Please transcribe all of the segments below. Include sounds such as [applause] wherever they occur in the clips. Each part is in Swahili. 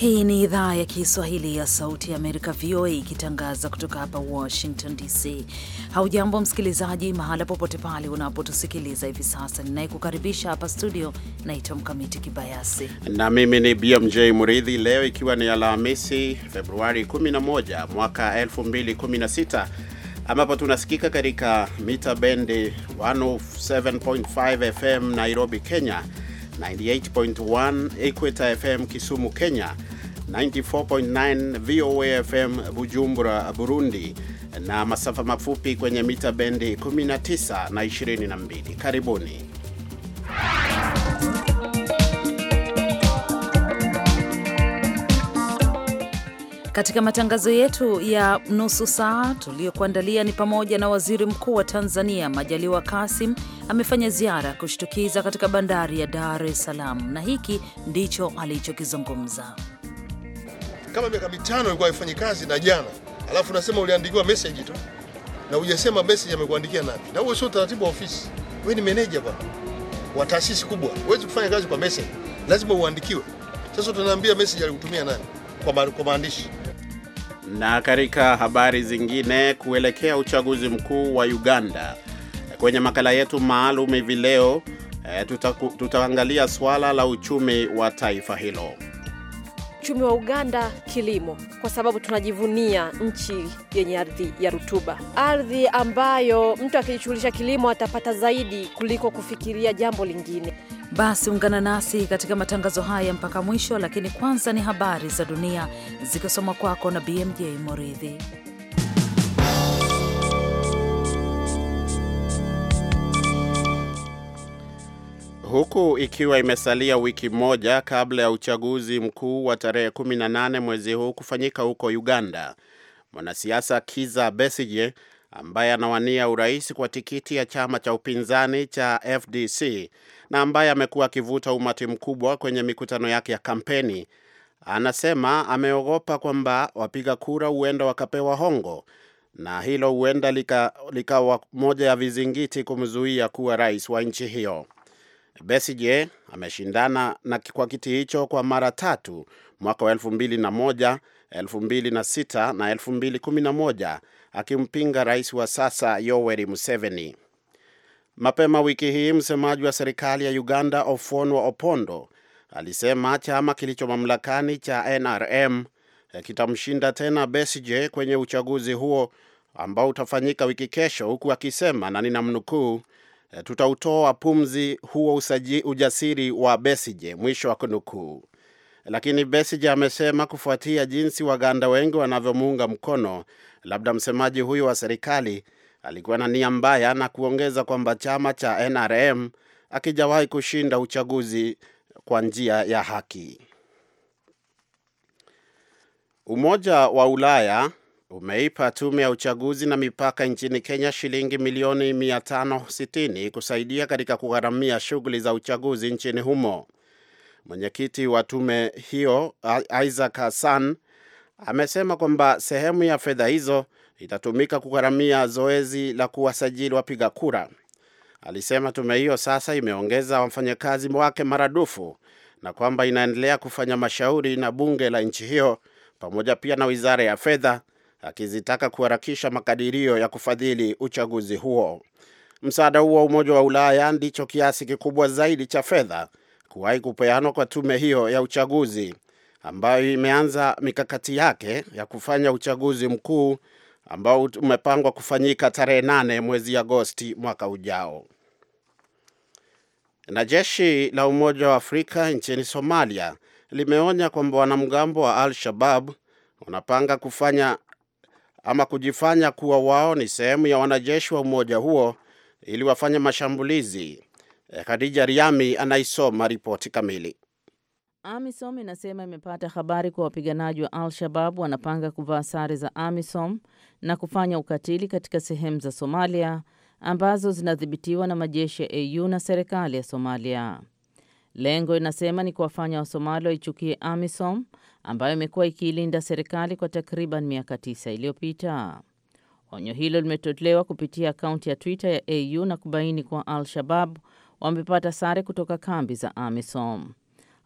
Hii ni idhaa ya Kiswahili ya Sauti ya Amerika, VOA, ikitangaza kutoka hapa Washington DC. Haujambo msikilizaji, mahala popote pale unapotusikiliza hivi sasa. Ninayekukaribisha hapa studio naitwa Mkamiti Kibayasi na mimi ni BMJ Muridhi. Leo ikiwa ni Alhamisi, Februari 11 mwaka 2016 ambapo tunasikika katika mita bendi 107.5 FM Nairobi, Kenya 98.1 Equator FM Kisumu, Kenya, 94.9 VOA FM Bujumbura, Burundi, na masafa mafupi kwenye mita bendi 19 na 22. Karibuni. Katika matangazo yetu ya nusu saa tuliyokuandalia ni pamoja na waziri mkuu wa Tanzania Majaliwa Kasim amefanya ziara ya kushtukiza katika bandari ya Dar es Salaam, na hiki ndicho alichokizungumza. Kama miaka mitano ilikuwa haifanyi kazi na jana, alafu nasema uliandikiwa meseji tu na hujasema meseji amekuandikia nani, na huo sio utaratibu wa ofisi. Wewe ni meneja bwana wa taasisi kubwa, huwezi kufanya kazi kwa meseji, lazima uandikiwe. Sasa tunaambia meseji alikutumia nani kwa maandishi na katika habari zingine, kuelekea uchaguzi mkuu wa Uganda, kwenye makala yetu maalum hivi leo e, eh, tuta, tutaangalia swala la uchumi wa taifa hilo. Uchumi wa Uganda, kilimo, kwa sababu tunajivunia nchi yenye ardhi ya rutuba, ardhi ambayo mtu akijishughulisha kilimo atapata zaidi kuliko kufikiria jambo lingine. Basi ungana nasi katika matangazo haya mpaka mwisho, lakini kwanza ni habari za dunia zikisoma kwako na BMJ Moridhi. Huku ikiwa imesalia wiki moja kabla ya uchaguzi mkuu wa tarehe 18 mwezi huu kufanyika huko Uganda, mwanasiasa Kiza besije ambaye anawania urais kwa tikiti ya chama cha upinzani cha FDC na ambaye amekuwa akivuta umati mkubwa kwenye mikutano yake ya kampeni, anasema ameogopa kwamba wapiga kura huenda wakapewa hongo na hilo huenda likawa lika moja ya vizingiti kumzuia kuwa rais wa nchi hiyo. Besigye ameshindana na kwa kiti hicho kwa mara tatu mwaka wa elfu mbili na moja, elfu mbili na sita na elfu mbili kumi na moja akimpinga rais wa sasa Yoweri Museveni. Mapema wiki hii msemaji wa serikali ya Uganda Ofuonwa Opondo alisema chama kilicho mamlakani cha NRM eh, kitamshinda tena Besigye kwenye uchaguzi huo ambao utafanyika wiki kesho, huku akisema na ninamnukuu, eh, tutautoa pumzi huo usaji, ujasiri wa Besigye, mwisho wa kunukuu. Lakini Besigye amesema kufuatia jinsi Waganda wengi wanavyomuunga mkono, labda msemaji huyo wa serikali alikuwa na nia mbaya, na kuongeza kwamba chama cha NRM akijawahi kushinda uchaguzi kwa njia ya haki. Umoja wa Ulaya umeipa tume ya uchaguzi na mipaka nchini Kenya shilingi milioni 560 kusaidia katika kugharamia shughuli za uchaguzi nchini humo. Mwenyekiti wa tume hiyo Isaac Hassan amesema kwamba sehemu ya fedha hizo itatumika kugharamia zoezi la kuwasajili wapiga kura. Alisema tume hiyo sasa imeongeza wafanyakazi wake maradufu na kwamba inaendelea kufanya mashauri na bunge la nchi hiyo pamoja pia na wizara ya fedha, akizitaka kuharakisha makadirio ya kufadhili uchaguzi huo. Msaada huo wa Umoja wa Ulaya ndicho kiasi kikubwa zaidi cha fedha kuwahi kupeanwa kwa tume hiyo ya uchaguzi ambayo imeanza mikakati yake ya kufanya uchaguzi mkuu ambao umepangwa kufanyika tarehe nane mwezi Agosti mwaka ujao. Na jeshi la Umoja wa Afrika nchini Somalia limeonya kwamba wanamgambo wa Al Shabab wanapanga kufanya ama kujifanya kuwa wao ni sehemu ya wanajeshi wa umoja huo ili wafanye mashambulizi. Eh, Khadija Riami anaisoma ripoti kamili. AMISOM inasema imepata habari kwa wapiganaji wa Al-Shabab wanapanga kuvaa sare za AMISOM na kufanya ukatili katika sehemu za Somalia ambazo zinadhibitiwa na majeshi ya AU na serikali ya Somalia. Lengo inasema ni kuwafanya wasomali waichukie AMISOM ambayo imekuwa ikiilinda serikali kwa takriban miaka tisa iliyopita. Onyo hilo limetolewa kupitia akaunti ya Twitter ya AU na kubaini kuwa Al-Shabab wamepata sare kutoka kambi za AMISOM.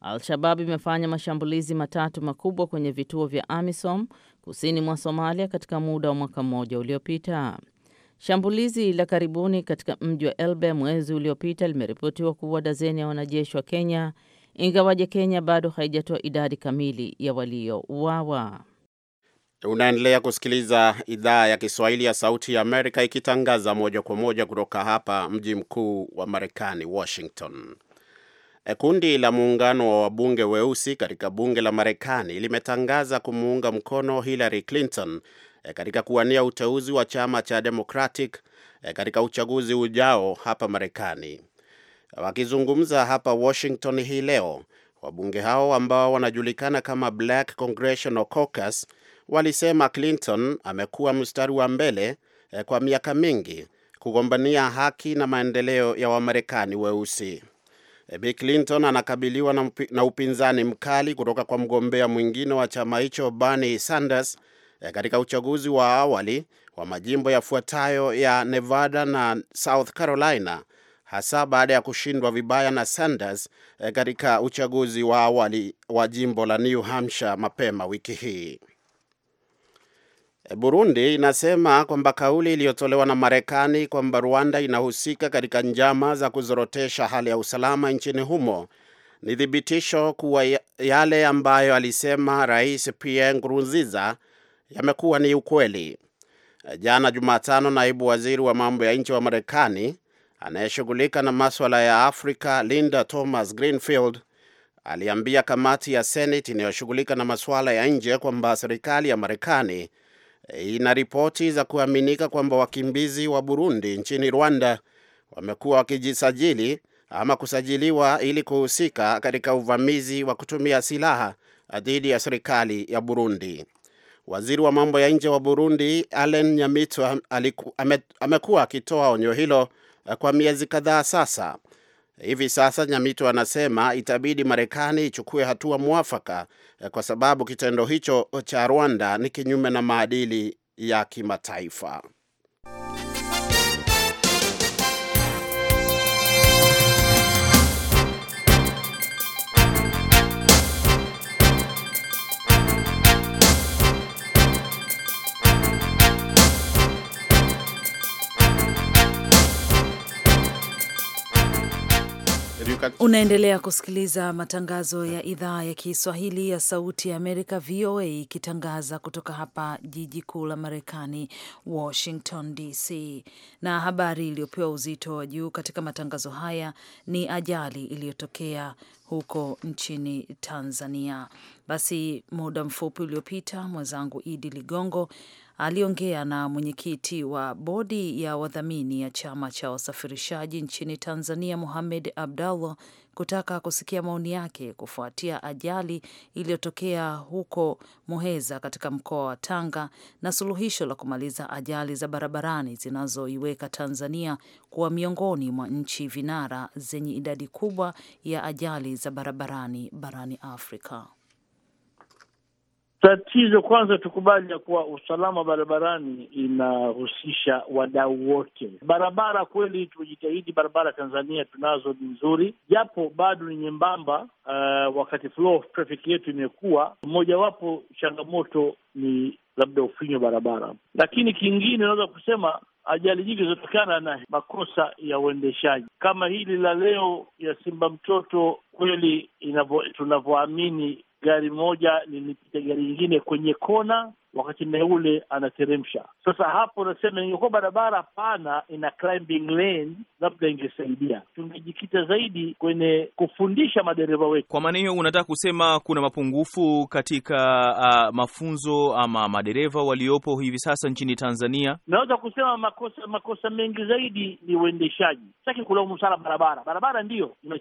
Al-Shabab imefanya mashambulizi matatu makubwa kwenye vituo vya AMISOM kusini mwa Somalia katika muda wa mwaka mmoja uliopita. Shambulizi la karibuni katika mji wa Elbe mwezi uliopita limeripotiwa kuua dazeni ya wanajeshi wa Kenya, ingawaje Kenya bado haijatoa idadi kamili ya waliouawa. Unaendelea kusikiliza idhaa ya Kiswahili ya Sauti ya Amerika ikitangaza moja kwa moja kutoka hapa mji mkuu wa Marekani, Washington. E, kundi la muungano wa wabunge weusi katika bunge la Marekani limetangaza kumuunga mkono Hillary Clinton e, katika kuwania uteuzi wa chama cha Democratic e, katika uchaguzi ujao hapa Marekani. Wakizungumza hapa Washington hii leo, wabunge hao ambao wanajulikana kama Black Congressional Caucus walisema Clinton amekuwa mstari wa mbele eh, kwa miaka mingi kugombania haki na maendeleo ya Wamarekani weusi. Eh, Bi Clinton anakabiliwa na, upinzani mkali kutoka kwa mgombea mwingine wa chama hicho Bernie Sanders eh, katika uchaguzi wa awali wa majimbo yafuatayo ya Nevada na South Carolina, hasa baada ya kushindwa vibaya na Sanders katika uchaguzi wa awali wa jimbo la New Hampshire mapema wiki hii. Burundi inasema kwamba kauli iliyotolewa na Marekani kwamba Rwanda inahusika katika njama za kuzorotesha hali ya usalama nchini humo ni thibitisho kuwa yale ambayo alisema Rais Pierre Nkurunziza yamekuwa ni ukweli. Jana Jumatano, naibu waziri wa mambo ya nje wa Marekani anayeshughulika na maswala ya Afrika Linda Thomas Greenfield aliambia kamati ya Senate inayoshughulika na masuala ya nje kwamba serikali ya Marekani ina ripoti za kuaminika kwamba wakimbizi wa Burundi nchini Rwanda wamekuwa wakijisajili ama kusajiliwa ili kuhusika katika uvamizi wa kutumia silaha dhidi ya serikali ya Burundi. Waziri wa mambo ya nje wa Burundi alen Nyamitwe amekuwa akitoa onyo hilo eh, kwa miezi kadhaa sasa. Hivi sasa Nyamito anasema itabidi Marekani ichukue hatua mwafaka eh, kwa sababu kitendo hicho cha Rwanda ni kinyume na maadili ya kimataifa. Unaendelea kusikiliza matangazo ya idhaa ya Kiswahili ya Sauti ya Amerika, VOA, ikitangaza kutoka hapa jiji kuu la Marekani, Washington DC. Na habari iliyopewa uzito wa juu katika matangazo haya ni ajali iliyotokea huko nchini Tanzania. Basi muda mfupi uliopita mwenzangu Idi Ligongo aliongea na mwenyekiti wa bodi ya wadhamini ya chama cha wasafirishaji nchini Tanzania, muhamed Abdallah kutaka kusikia maoni yake kufuatia ajali iliyotokea huko Muheza katika mkoa wa Tanga na suluhisho la kumaliza ajali za barabarani zinazoiweka Tanzania kuwa miongoni mwa nchi vinara zenye idadi kubwa ya ajali za barabarani barani Afrika. Tatizo kwanza, tukubali ya kuwa usalama barabarani inahusisha wadau wote. Barabara kweli, tumejitahidi, barabara Tanzania tunazo ni nzuri, japo bado ni nyembamba. Uh, wakati flow of traffic yetu imekuwa mojawapo, changamoto ni labda ufinyo barabara, lakini kingine unaweza kusema ajali nyingi zinatokana na makosa ya uendeshaji kama hili la leo ya Simba Mtoto. Kweli tunavyoamini gari moja lilipita gari lingine kwenye kona wakati na ule anateremsha. Sasa hapo nasema ingekuwa barabara pana ina climbing lane, labda ingesaidia. Tungejikita zaidi kwenye kufundisha madereva wetu. Kwa maana hiyo, unataka kusema kuna mapungufu katika uh, mafunzo ama madereva waliopo hivi sasa nchini Tanzania? Naweza kusema makosa makosa mengi zaidi ni uendeshaji. Sitaki kulaumu sana barabara. Barabara ndiyo ni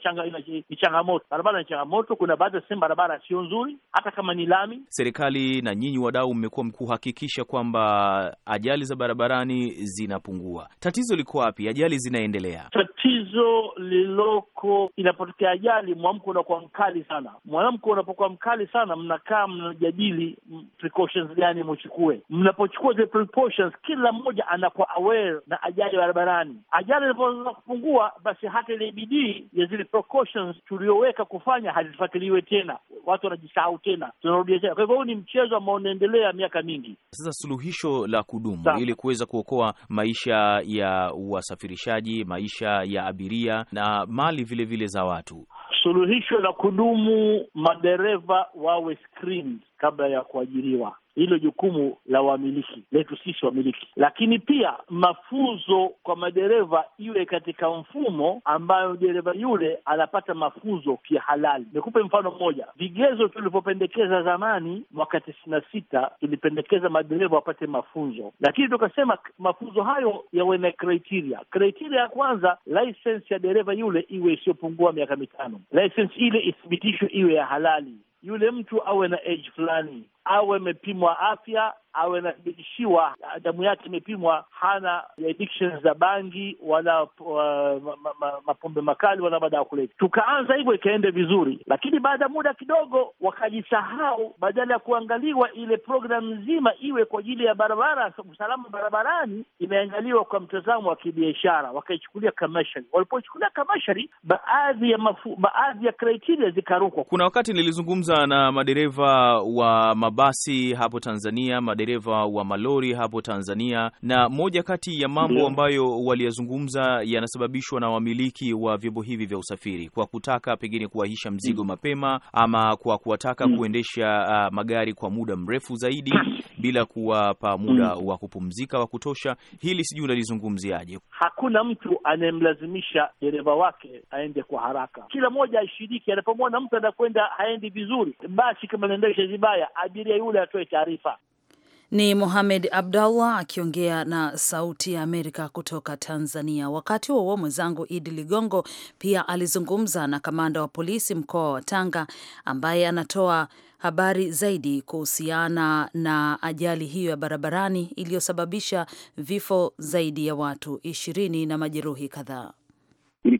changamoto, barabara ni changamoto. Kuna baadhi ya sehemu barabara sio nzuri, hata kama ni lami. Serikali na nyinyi wadau mmekuwa kuhakikisha kwamba ajali za barabarani zinapungua. Tatizo liko wapi? Ajali zinaendelea. Tatizo liloko, inapotokea ajali, mwamko unakuwa mkali sana. mwanamke unapokuwa mkali sana, mnakaa mnajadili precautions gani mchukue. Mnapochukua zile precautions, kila mmoja anakuwa aware na ajali barabarani. Ajali inapoanza kupungua, basi hata ile bidii ya zile precautions tuliyoweka kufanya hazifuatiliwe tena, watu wanajisahau tena, tunarudia tena. Kwa hivyo huu ni mchezo ambao unaendelea miaka miaka mingi. Sasa suluhisho la kudumu Sa. ili kuweza kuokoa maisha ya wasafirishaji, maisha ya abiria na mali vilevile vile za watu, suluhisho la kudumu, madereva wawe screened kabla ya kuajiriwa hilo jukumu la wamiliki letu sisi wamiliki, lakini pia mafunzo kwa madereva iwe katika mfumo ambayo dereva yule anapata mafunzo kihalali. halali. Nikupe mfano mmoja, vigezo tulivyopendekeza zamani mwaka tisini na sita tulipendekeza madereva wapate mafunzo, lakini tukasema mafunzo hayo yawe na kriteria. Kriteria ya kwanza, lisensi ya dereva yule iwe isiyopungua miaka mitano, lisensi ile ithibitishwe iwe ya halali, yule mtu awe na age fulani awe amepimwa afya awe anathibitishiwa damu yake imepimwa, hana addiction za bangi wala uh, ma, ma, mapombe makali wala madawa kulevya. Tukaanza hivyo, ikaenda vizuri, lakini baada ya muda kidogo wakajisahau, badala ya kuangaliwa ile programu nzima iwe kwa ajili ya barabara, usalama barabarani, imeangaliwa kwa mtazamo wa kibiashara, wakaichukulia kamashari. Walipochukulia kamashari, baadhi ya mafu, baadhi ya kriteria zikarukwa. Kuna wakati nilizungumza na madereva wa mabasi hapo Tanzania made madereva wa malori hapo Tanzania, na moja kati ya mambo ambayo waliyazungumza yanasababishwa na wamiliki wa vyombo hivi vya usafiri kwa kutaka pengine kuahisha mzigo mm. mapema ama kwa kuwataka mm. kuendesha uh, magari kwa muda mrefu zaidi [coughs] bila kuwapa muda mm. wa kupumzika wa kutosha. Hili sijui unalizungumziaje? Hakuna mtu anayemlazimisha dereva wake aende kwa haraka, kila mmoja ashiriki. Anapomwona mtu anakwenda haendi vizuri, basi kama anaendesha vibaya, abiria yule atoe taarifa. Ni Mohamed Abdallah akiongea na Sauti ya Amerika kutoka Tanzania. Wakati huo mwenzangu Idi Ligongo pia alizungumza na kamanda wa polisi mkoa wa Tanga ambaye anatoa habari zaidi kuhusiana na ajali hiyo ya barabarani iliyosababisha vifo zaidi ya watu ishirini na majeruhi kadhaa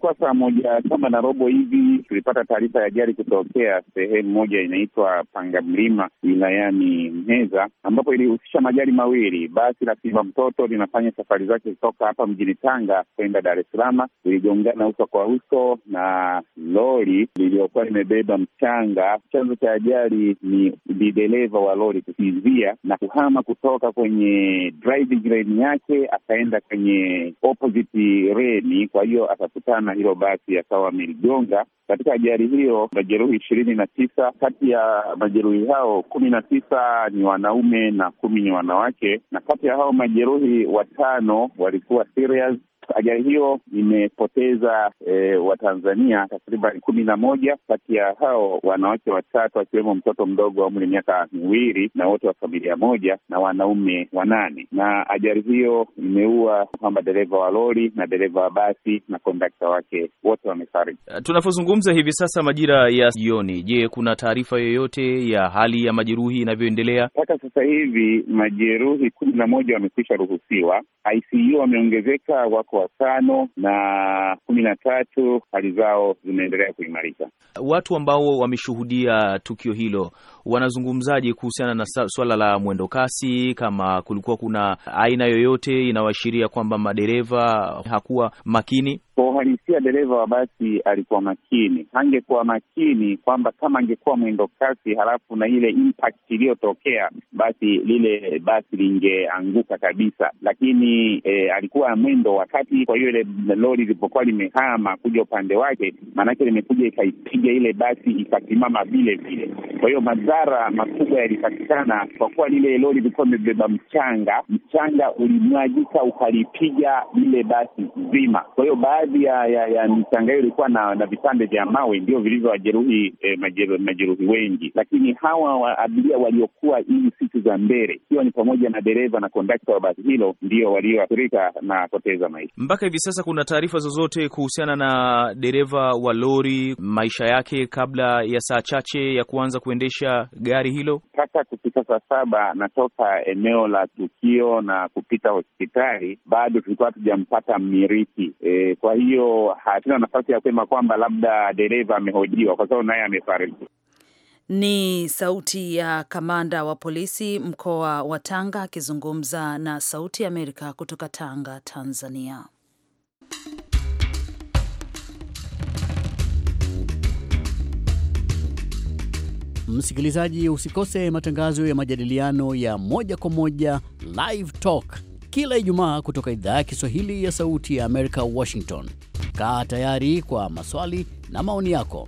ilikuwa saa moja kama na robo hivi tulipata taarifa ya ajali kutokea sehemu moja inaitwa Panga Mlima wilayani Mheza, ambapo ilihusisha magari mawili. Basi la Simba Mtoto linafanya safari zake kutoka hapa mjini Tanga kwenda Dar es Salaam liligongana uso kwa uso na lori liliyokuwa limebeba mchanga. Chanzo cha ajali ni dereva wa lori kusinzia na kuhama kutoka kwenye driving lane yake akaenda kwenye opposite lane, kwa hiyo akakutana na hilo basi yakawa ameligonga. Katika ajali hiyo majeruhi ishirini na tisa. Kati ya majeruhi hao kumi na tisa ni wanaume na kumi ni wanawake, na kati ya hao majeruhi watano walikuwa serious Ajali hiyo imepoteza e, Watanzania takriban kumi na moja, kati ya hao wanawake watatu akiwemo mtoto mdogo wa umri miaka miwili na wote wa familia moja na wanaume wanane. Na ajali hiyo imeua kwamba dereva wa lori na dereva wa basi na kondakta wake wote wamefariki. Eh, tunavyozungumza hivi sasa majira ya jioni, je, kuna taarifa yoyote ya hali ya majeruhi inavyoendelea mpaka sasa hivi? Majeruhi kumi na moja wamekwisha ruhusiwa, ICU wameongezeka, wako watano na kumi na tatu hali zao zinaendelea kuimarika. Watu ambao wameshuhudia tukio hilo wanazungumzaje kuhusiana na swala la mwendo kasi? Kama kulikuwa kuna aina yoyote inayoashiria kwamba madereva hakuwa makini? Kwa uhalisia, dereva wa basi alikuwa makini. angekuwa makini kwamba kama angekuwa mwendo kasi halafu na ile impact iliyotokea, basi lile basi lingeanguka kabisa, lakini eh, alikuwa mwendo wakati basi, kwa hiyo ile lori ilipokuwa limehama kuja upande wake, maanake limekuja ikaipiga ile basi ikasimama vile vile. Kwa hiyo madhara makubwa yalipatikana kwa kuwa lile lori ilikuwa imebeba mchanga, mchanga ulimwagika ukalipiga lile basi zima. Kwa hiyo baadhi ya, ya, ya michanga hiyo ilikuwa na, na vipande vya mawe ndio vilivyowajeruhi eh, majeruhi wengi, lakini hawa wa abiria waliokuwa hizi siku za mbele, ikiwa ni pamoja na dereva na kondakta wa basi hilo, ndio walioathirika na kupoteza maisha. Mpaka hivi sasa kuna taarifa zozote kuhusiana na dereva wa lori, maisha yake kabla ya saa chache ya kuanza kuendesha gari hilo? Sasa kufika saa saba natoka eneo la tukio na kupita hospitali, bado tulikuwa hatujampata mmiriki e. Kwa hiyo hatuna nafasi ya kusema kwamba labda dereva amehojiwa kwa sababu naye amefariki. Ni sauti ya kamanda wa polisi mkoa wa Tanga akizungumza na Sauti ya Amerika kutoka Tanga, Tanzania. Msikilizaji, usikose matangazo ya majadiliano ya moja kwa moja Live Talk kila Ijumaa kutoka idhaa ya Kiswahili ya Sauti ya Amerika, Washington. Kaa tayari kwa maswali na maoni yako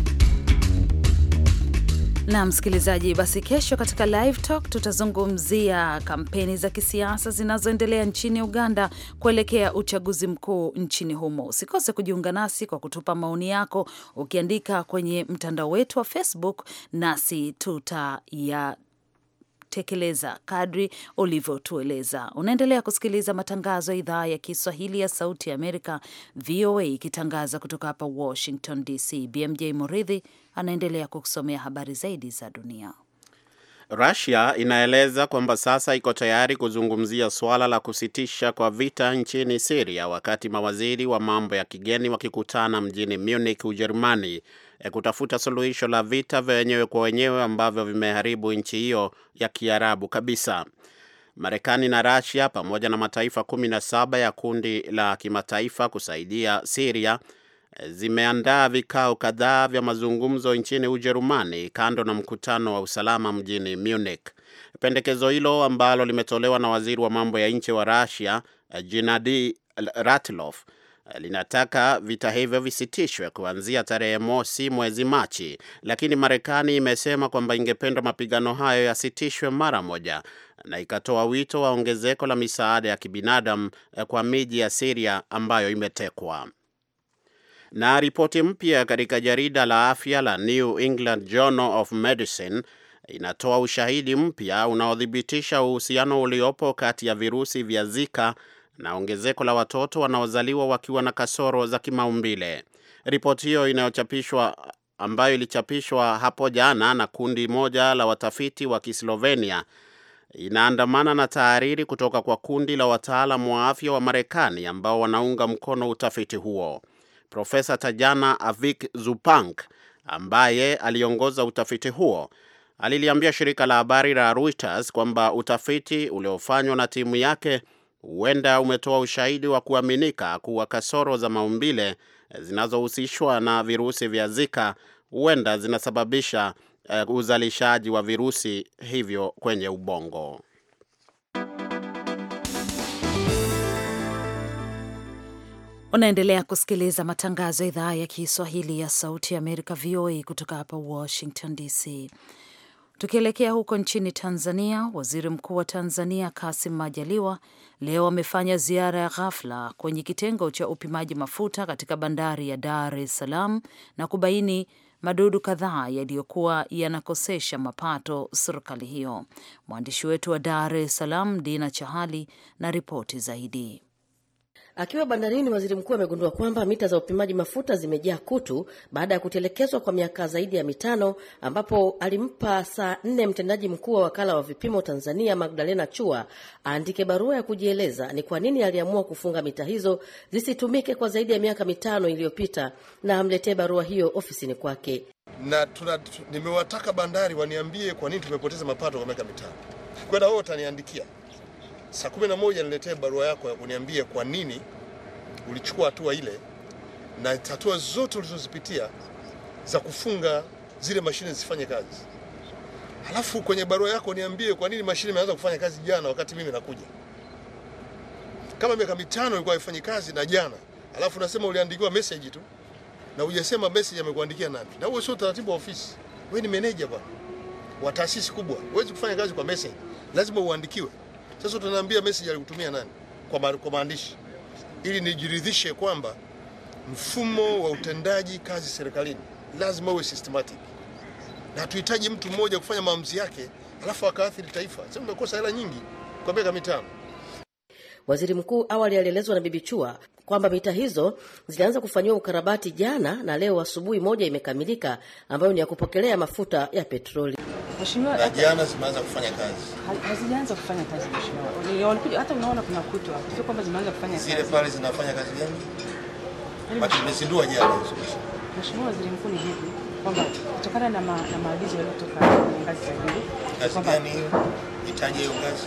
na msikilizaji, basi kesho katika Live Talk tutazungumzia kampeni za kisiasa zinazoendelea nchini Uganda kuelekea uchaguzi mkuu nchini humo. Usikose kujiunga nasi kwa kutupa maoni yako ukiandika kwenye mtandao wetu wa Facebook, nasi tutaya kutekeleza kadri ulivyotueleza. Unaendelea kusikiliza matangazo ya idhaa ya Kiswahili ya Sauti ya Amerika, VOA, ikitangaza kutoka hapa Washington DC. BMJ Muridhi anaendelea kukusomea habari zaidi za dunia. rusia inaeleza kwamba sasa iko tayari kuzungumzia suala la kusitisha kwa vita nchini siria wakati mawaziri wa mambo ya kigeni wakikutana mjini Munich, Ujerumani E kutafuta suluhisho la vita vya wenyewe kwa wenyewe ambavyo vimeharibu nchi hiyo ya Kiarabu kabisa. Marekani na Rasia pamoja na mataifa saba ya kundi la kimataifa kusaidia Siria e, zimeandaa vikao kadhaa vya mazungumzo nchini Ujerumani kando na mkutano wa usalama mjini Munich. Pendekezo hilo ambalo limetolewa na waziri wa mambo ya nje wa Rasia jinadi e, ratlof linataka vita hivyo visitishwe kuanzia tarehe mosi mwezi Machi, lakini Marekani imesema kwamba ingependa mapigano hayo yasitishwe mara moja na ikatoa wito wa ongezeko la misaada ya kibinadamu eh, kwa miji ya Siria ambayo imetekwa. Na ripoti mpya katika jarida la afya la New England Journal of Medicine inatoa ushahidi mpya unaothibitisha uhusiano uliopo kati ya virusi vya Zika na ongezeko la watoto wanaozaliwa wakiwa na kasoro za kimaumbile. Ripoti hiyo inayochapishwa ambayo ilichapishwa hapo jana na kundi moja la watafiti wa Kislovenia inaandamana na tahariri kutoka kwa kundi la wataalam wa afya wa Marekani ambao wanaunga mkono utafiti huo. Profesa Tajana Avik Zupank ambaye aliongoza utafiti huo aliliambia shirika la habari la Reuters kwamba utafiti uliofanywa na timu yake huenda umetoa ushahidi wa kuaminika kuwa kasoro za maumbile zinazohusishwa na virusi vya Zika huenda zinasababisha uh, uzalishaji wa virusi hivyo kwenye ubongo. Unaendelea kusikiliza matangazo ya idhaa ya Kiswahili ya Sauti ya Amerika, VOA, kutoka hapa Washington DC. Tukielekea huko nchini Tanzania, waziri mkuu wa Tanzania Kasim Majaliwa leo amefanya ziara ya ghafla kwenye kitengo cha upimaji mafuta katika bandari ya Dar es Salaam na kubaini madudu kadhaa yaliyokuwa yanakosesha mapato serikali hiyo. Mwandishi wetu wa Dar es Salaam Dina Chahali na ripoti zaidi. Akiwa bandarini, waziri mkuu amegundua kwamba mita za upimaji mafuta zimejaa kutu baada ya kutelekezwa kwa miaka zaidi ya mitano, ambapo alimpa saa nne mtendaji mkuu wa wakala wa vipimo Tanzania Magdalena Chua aandike barua ya kujieleza ni kwa nini aliamua kufunga mita hizo zisitumike kwa zaidi ya miaka mitano iliyopita, na amletee barua hiyo ofisini kwake. Na tuna, nimewataka bandari waniambie kwa nini tumepoteza mapato kwa miaka mitano, kwenda wao utaniandikia saa kumi na moja niletee barua yako ya kuniambia kwa nini ulichukua hatua ile na hatua zote ulizozipitia za kufunga zile mashine zifanye kazi. Halafu kwenye barua yako niambie kwa nini mashine imeanza kufanya kazi jana wakati mimi nakuja. Kama miaka mitano ilikuwa haifanyi kazi na jana, halafu unasema uliandikiwa message tu na hujasema message amekuandikia nani. Na huo sio utaratibu wa ofisi. Wewe ni meneja bwana wa taasisi kubwa, huwezi kufanya kazi kwa message, lazima uandikiwe. Sasa tunaambia message alikutumia nani kwa maandishi, ili nijiridhishe kwamba mfumo wa utendaji kazi serikalini lazima uwe systematic, na tuhitaji mtu mmoja kufanya maamuzi yake alafu akaathiri taifa. Sasa tumekosa hela nyingi kwa miaka mitano. Waziri Mkuu awali alielezwa na Bibi Chua kwamba mita hizo zilianza kufanyiwa ukarabati jana na leo asubuhi moja imekamilika, ambayo ni ya kupokelea mafuta ya petroli. Mheshimiwa, na jana zimeanza kufanya kazi. Hazijaanza kufanya kazi Mheshimiwa. Walikuja hata unaona kuna kutwa. Sio kwamba zimeanza kufanya kazi. Zile pale zinafanya kazi gani? tumezindua yaani jana Mheshimiwa Waziri Mkuu ni hivi kwamba kutokana na ma, na maagizo yaliyotoka kwenye ngazi za juu. Kazi gani hiyo? Itaje hiyo ngazi?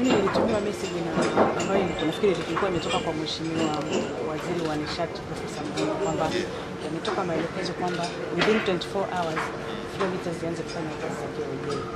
Mimi nilitumiwa message na ambayo nafikiri ilikuwa imetoka kwa Mheshimiwa Waziri wa Nishati Profesa Mwigulu kwamba yametoka maelekezo kwamba within 24 hours vita zianze kufanya kazi za wenyewe.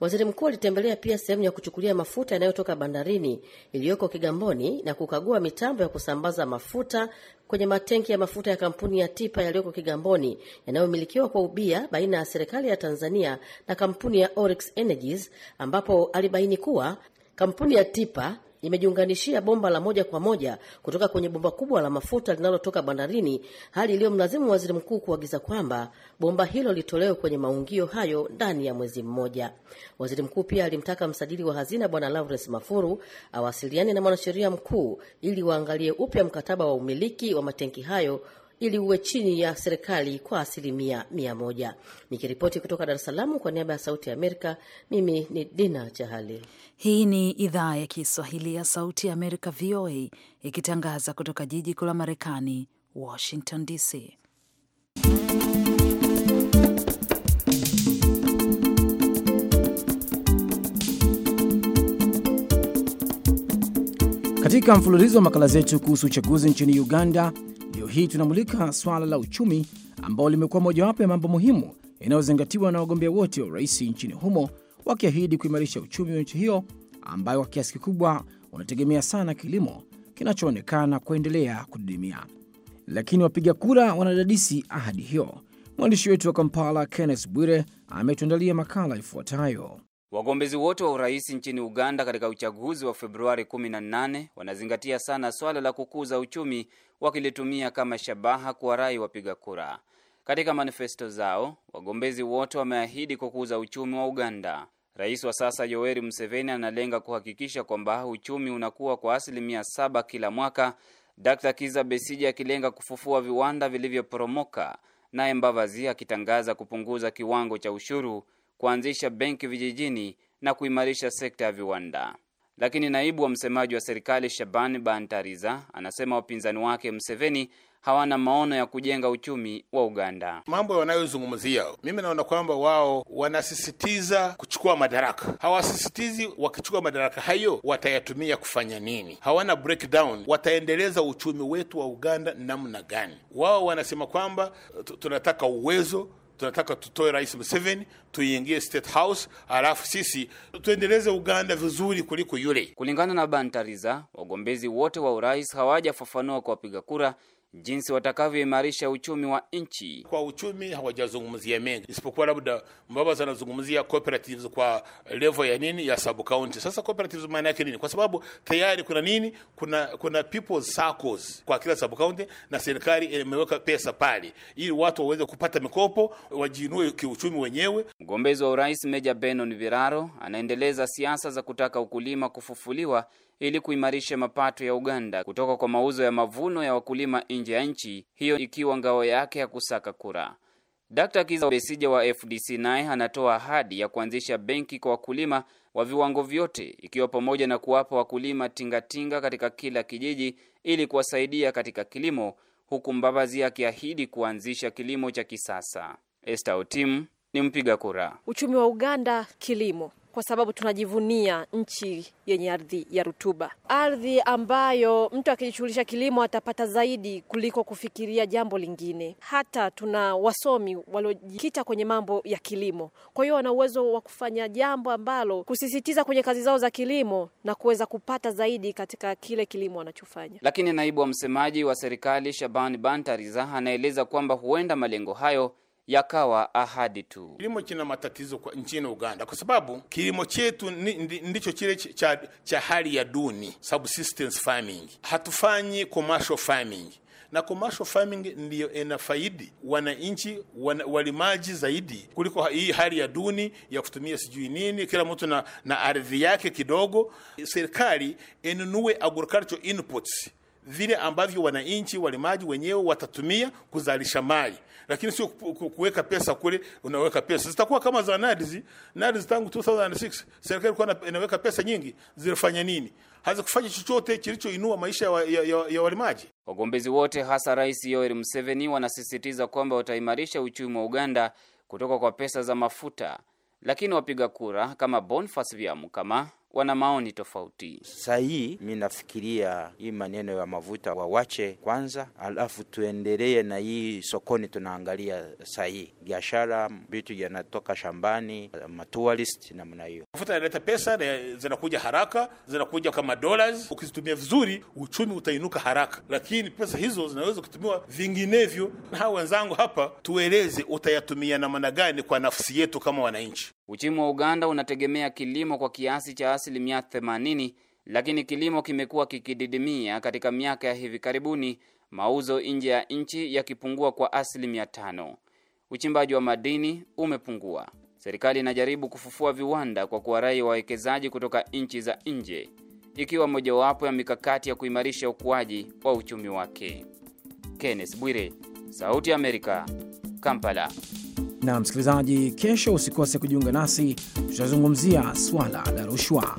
Waziri mkuu alitembelea pia sehemu ya kuchukulia mafuta yanayotoka bandarini iliyoko Kigamboni na kukagua mitambo ya kusambaza mafuta kwenye matenki ya mafuta ya kampuni ya Tipa yaliyoko Kigamboni yanayomilikiwa kwa ubia baina ya serikali ya Tanzania na kampuni ya Oryx Energies ambapo alibaini kuwa kampuni ya Tipa imejiunganishia bomba la moja kwa moja kutoka kwenye bomba kubwa la mafuta linalotoka bandarini, hali iliyomlazimu waziri mkuu kuagiza kwamba bomba hilo litolewe kwenye maungio hayo ndani ya mwezi mmoja. Waziri mkuu pia alimtaka msajili wa hazina Bwana Lawrence Mafuru awasiliane na mwanasheria mkuu ili waangalie upya mkataba wa umiliki wa matenki hayo ili uwe chini ya serikali kwa asilimia mia moja. Nikiripoti kutoka Dar es Salaam kwa niaba ya Sauti ya Amerika, mimi ni Dina Chahali. Hii ni idhaa ya Kiswahili ya Sauti ya Amerika, VOA, ikitangaza kutoka jiji kuu la Marekani, Washington DC. Katika mfululizo wa makala zetu kuhusu uchaguzi nchini Uganda, Leo hii tunamulika swala la uchumi ambao limekuwa mojawapo ya mambo muhimu yanayozingatiwa na wagombea wote wa urais nchini humo, wakiahidi kuimarisha uchumi wa nchi hiyo ambayo kwa kiasi kikubwa unategemea sana kilimo kinachoonekana kuendelea kudidimia. Lakini wapiga kura wanadadisi ahadi hiyo. Mwandishi wetu wa Kampala, Kenneth Bwire, ametuandalia makala ifuatayo. Wagombezi wote wa urais nchini Uganda katika uchaguzi wa Februari 18 wanazingatia sana swala la kukuza uchumi, wakilitumia kama shabaha kuwarai wapiga kura. Katika manifesto zao, wagombezi wote wameahidi kukuza uchumi wa Uganda. Rais wa sasa Yoweri Museveni analenga kuhakikisha kwamba uchumi unakuwa kwa asilimia saba kila mwaka, Dr. Kiza Besija akilenga kufufua viwanda vilivyoporomoka, naye Mbavazi akitangaza kupunguza kiwango cha ushuru kuanzisha benki vijijini na kuimarisha sekta ya viwanda. Lakini naibu wa msemaji wa serikali Shaban Bantariza anasema wapinzani wake Mseveni hawana maono ya kujenga uchumi wa Uganda. Mambo wanayozungumzia, mimi naona kwamba wao wanasisitiza kuchukua madaraka, hawasisitizi wakichukua madaraka hayo watayatumia kufanya nini. Hawana breakdown, wataendeleza uchumi wetu wa Uganda namna gani? Wao wanasema kwamba tunataka uwezo tunataka tutoe Rais Museveni tuingie State House, alafu sisi tuendeleze Uganda vizuri kuliko yule. Kulingana na Bantariza, wagombezi wote wa urais hawajafafanua kwa wapiga kura jinsi watakavyoimarisha uchumi wa nchi. Kwa uchumi hawajazungumzia mengi, isipokuwa labda Mbabazi anazungumzia cooperatives kwa level ya nini ya sub county. Sasa cooperatives maana yake nini? Kwa sababu tayari kuna nini, kuna kuna people circles kwa kila sub county, na serikali imeweka pesa pale ili watu waweze kupata mikopo, wajiinue kiuchumi wenyewe. Mgombezi wa urais Meja Benon Viraro anaendeleza siasa za kutaka ukulima kufufuliwa ili kuimarisha mapato ya Uganda kutoka kwa mauzo ya mavuno ya wakulima nje ya nchi, hiyo ikiwa ngao yake ya kusaka kura. Dr. Kiza Besija wa FDC naye anatoa ahadi ya kuanzisha benki kwa wakulima wa viwango vyote, ikiwa pamoja na kuwapa wakulima tingatinga katika kila kijiji ili kuwasaidia katika kilimo, huku Mbabazi akiahidi kuanzisha kilimo cha kisasa. Esther Otim ni mpiga kura. Uchumi wa Uganda, kilimo kwa sababu tunajivunia nchi yenye ardhi ya rutuba, ardhi ambayo mtu akijishughulisha kilimo atapata zaidi kuliko kufikiria jambo lingine. Hata tuna wasomi waliojikita kwenye mambo ya kilimo, kwa hiyo wana uwezo wa kufanya jambo ambalo kusisitiza kwenye kazi zao za kilimo na kuweza kupata zaidi katika kile kilimo wanachofanya. Lakini naibu wa msemaji wa serikali Shaban Bantariza anaeleza kwamba huenda malengo hayo yakawa ahadi tu. Kilimo kina matatizo kwa nchini Uganda kwa sababu kilimo chetu ndicho kile cha, cha hali ya duni, subsistence farming. Hatufanyi commercial farming na commercial farming ndiyo inafaidi wananchi wana, walimaji zaidi kuliko hii hali ya duni ya kutumia sijui nini, kila mtu na, na ardhi yake kidogo. Serikali inunue agricultural inputs vile ambavyo wananchi walemaji wenyewe watatumia kuzalisha mali, lakini sio kuweka pesa kule. Unaweka pesa zitakuwa kama za NADS. NADS tangu 2006 serikali ilikuwa inaweka pesa nyingi, zilifanya nini? Hazikufanya chochote kilichoinua maisha ya, ya, ya, ya walemaji. Wagombezi wote hasa Rais Yoweri Museveni wanasisitiza kwamba wataimarisha uchumi wa Uganda kutoka kwa pesa za mafuta, lakini wapiga kura kama Boniface Byamukama wana maoni tofauti. Sasa hii mi nafikiria hii maneno ya mavuta wawache kwanza, alafu tuendelee na hii sokoni. Tunaangalia saa hii biashara, vitu yanatoka shambani, matourist namna hiyo. Mafuta yanaleta pesa, zinakuja haraka, zinakuja kama dollars. Ukizitumia vizuri, uchumi utainuka haraka, lakini pesa hizo zinaweza kutumiwa vinginevyo. Na hao wenzangu hapa, tueleze utayatumia namna gani kwa nafsi yetu kama wananchi. Uchumi wa Uganda unategemea kilimo kwa kiasi cha asilimia 80, lakini kilimo kimekuwa kikididimia katika miaka ya hivi karibuni, mauzo nje ya nchi yakipungua kwa asilimia tano. Uchimbaji wa madini umepungua. Serikali inajaribu kufufua viwanda kwa kuwarai wawekezaji kutoka nchi za nje, ikiwa mojawapo ya mikakati ya kuimarisha ukuaji wa uchumi wake. Kenneth Bwire, Sauti ya Amerika, Kampala na msikilizaji, kesho usikose kujiunga nasi, tutazungumzia swala la rushwa.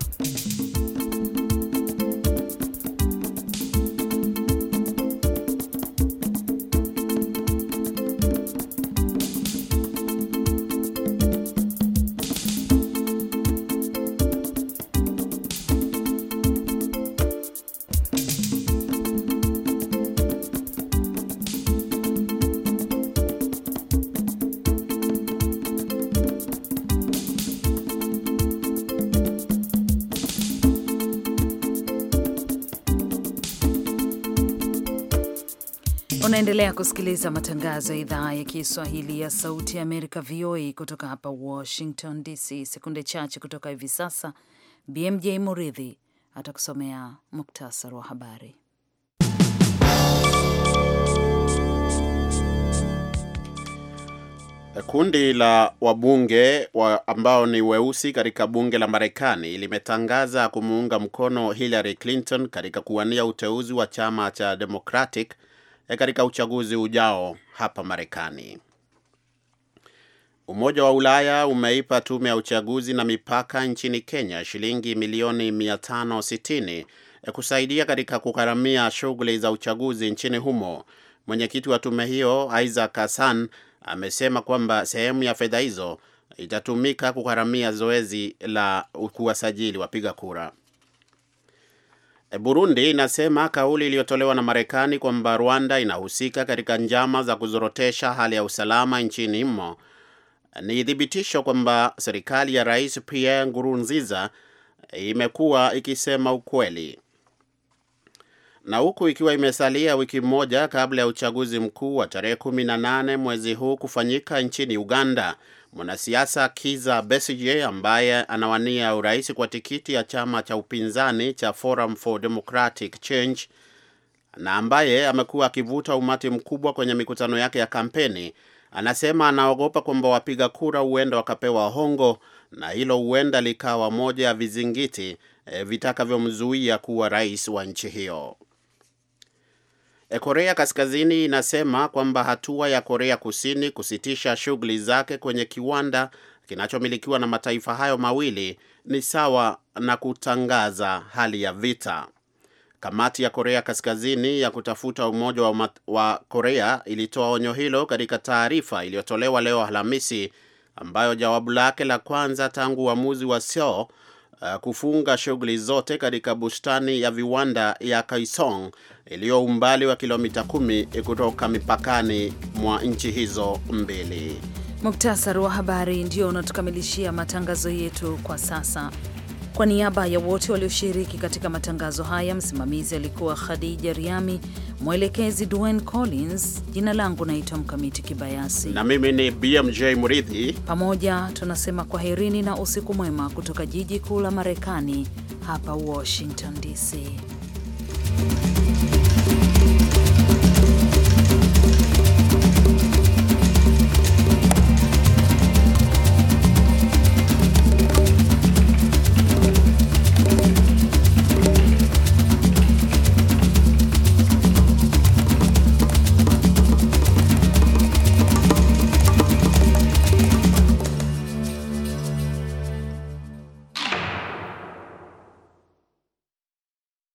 Unaendelea kusikiliza matangazo ya idhaa ya Kiswahili ya Sauti ya Amerika, VOA, kutoka hapa Washington DC. Sekunde chache kutoka hivi sasa, BMJ Muridhi atakusomea muktasari wa habari. Kundi la wabunge wa ambao ni weusi katika bunge la Marekani limetangaza kumuunga mkono Hillary Clinton katika kuwania uteuzi wa chama cha Democratic E, katika uchaguzi ujao hapa Marekani. Umoja wa Ulaya umeipa tume ya uchaguzi na mipaka nchini Kenya shilingi milioni 560 e, kusaidia katika kugharamia shughuli za uchaguzi nchini humo. Mwenyekiti wa tume hiyo Isaac Hassan amesema kwamba sehemu ya fedha hizo itatumika kugharamia zoezi la kuwasajili wapiga kura. Eh, Burundi inasema kauli iliyotolewa na Marekani kwamba Rwanda inahusika katika njama za kuzorotesha hali ya usalama nchini humo ni thibitisho kwamba serikali ya Rais Pierre Nkurunziza eh, imekuwa ikisema ukweli. Na huku ikiwa imesalia wiki moja kabla ya uchaguzi mkuu wa tarehe 18 mwezi huu kufanyika nchini Uganda, Mwanasiasa Kiza Besigye ambaye anawania urais kwa tikiti ya chama cha upinzani cha Forum for Democratic Change na ambaye amekuwa akivuta umati mkubwa kwenye mikutano yake ya kampeni, anasema anaogopa kwamba wapiga kura huenda wakapewa hongo na hilo huenda likawa moja ya vizingiti eh, vitakavyomzuia kuwa rais wa nchi hiyo. Eh, Korea Kaskazini inasema kwamba hatua ya Korea Kusini kusitisha shughuli zake kwenye kiwanda kinachomilikiwa na mataifa hayo mawili ni sawa na kutangaza hali ya vita. Kamati ya Korea Kaskazini ya kutafuta umoja wa, wa Korea ilitoa onyo hilo katika taarifa iliyotolewa leo Alhamisi, ambayo jawabu lake la kwanza tangu uamuzi wa Seoul uh, kufunga shughuli zote katika bustani ya viwanda ya Kaisong iliyo umbali wa kilomita kumi kutoka mipakani mwa nchi hizo mbili. Muktasari wa habari ndio unatukamilishia matangazo yetu kwa sasa. Kwa niaba ya wote walioshiriki katika matangazo haya, msimamizi alikuwa Khadija Riami, mwelekezi Dwayne Collins. Jina langu naitwa Mkamiti Kibayasi na mimi ni BMJ murithi Pamoja tunasema kwaherini na usiku mwema kutoka jiji kuu la Marekani, hapa Washington DC.